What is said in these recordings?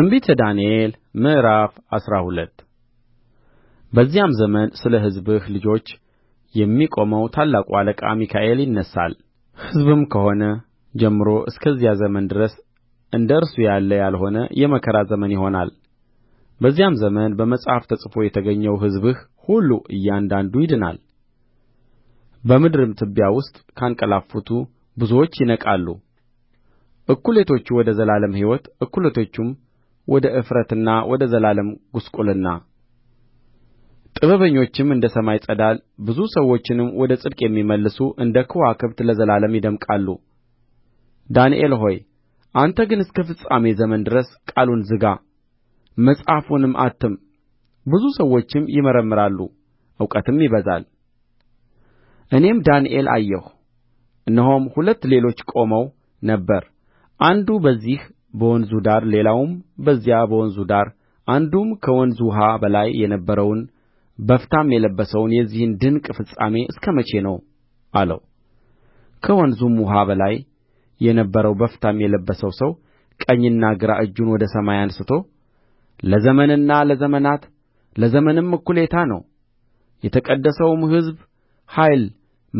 ትንቢተ ዳንኤል ምዕራፍ አስራ ሁለት በዚያም ዘመን ስለ ሕዝብህ ልጆች የሚቆመው ታላቁ አለቃ ሚካኤል ይነሣል ሕዝብም ከሆነ ጀምሮ እስከዚያ ዘመን ድረስ እንደ እርሱ ያለ ያልሆነ የመከራ ዘመን ይሆናል በዚያም ዘመን በመጽሐፍ ተጽፎ የተገኘው ሕዝብህ ሁሉ እያንዳንዱ ይድናል በምድርም ትቢያ ውስጥ ካንቀላፉቱ ብዙዎች ይነቃሉ እኵሌቶቹ ወደ ዘላለም ሕይወት እኵሌቶቹም ወደ እፍረትና ወደ ዘላለም ጕስቍልና ጥበበኞችም እንደ ሰማይ ፀዳል ብዙ ሰዎችንም ወደ ጽድቅ የሚመልሱ እንደ ከዋክብት ለዘላለም ይደምቃሉ ዳንኤል ሆይ አንተ ግን እስከ ፍጻሜ ዘመን ድረስ ቃሉን ዝጋ መጽሐፉንም አትም ብዙ ሰዎችም ይመረምራሉ እውቀትም ይበዛል እኔም ዳንኤል አየሁ እነሆም ሁለት ሌሎች ቆመው ነበር አንዱ በዚህ በወንዙ ዳር ሌላውም በዚያ በወንዙ ዳር አንዱም ከወንዙ ውኃ በላይ የነበረውን በፍታም የለበሰውን የዚህን ድንቅ ፍጻሜ እስከ መቼ ነው አለው ከወንዙም ውኃ በላይ የነበረው በፍታም የለበሰው ሰው ቀኝና ግራ እጁን ወደ ሰማይ አንሥቶ ለዘመንና ለዘመናት ለዘመንም እኵሌታ ነው የተቀደሰውም ሕዝብ ኃይል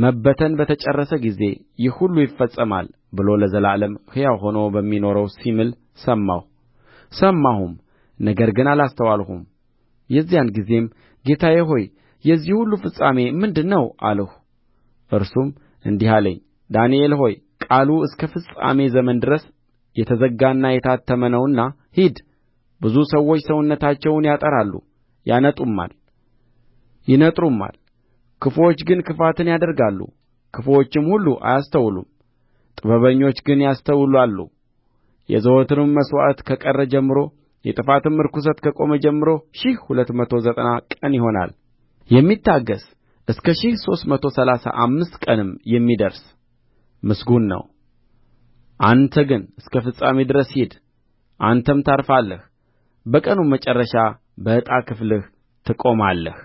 መበተን በተጨረሰ ጊዜ ይህ ሁሉ ይፈጸማል ብሎ ለዘላለም ሕያው ሆኖ በሚኖረው ሲምል ሰማሁ ሰማሁም ነገር ግን አላስተዋልሁም የዚያን ጊዜም ጌታዬ ሆይ የዚህ ሁሉ ፍጻሜ ምንድር ነው አልሁ እርሱም እንዲህ አለኝ ዳንኤል ሆይ ቃሉ እስከ ፍጻሜ ዘመን ድረስ የተዘጋና የታተመ ነውና ሂድ ብዙ ሰዎች ሰውነታቸውን ያጠራሉ ያነጡማል ይነጥሩማል ክፉዎች ግን ክፋትን ያደርጋሉ ክፉዎችም ሁሉ አያስተውሉም ጥበበኞች ግን ያስተውላሉ የዘወትርም መሥዋዕት ከቀረ ጀምሮ የጥፋትም ርኵሰት ከቆመ ጀምሮ ሺህ ሁለት መቶ ዘጠና ቀን ይሆናል የሚታገሥ እስከ ሺህ ሦስት መቶ ሠላሳ አምስት ቀንም የሚደርስ ምስጉን ነው አንተ ግን እስከ ፍጻሜ ድረስ ሂድ አንተም ታርፋለህ በቀኑም መጨረሻ በዕጣ ክፍልህ ትቆማለህ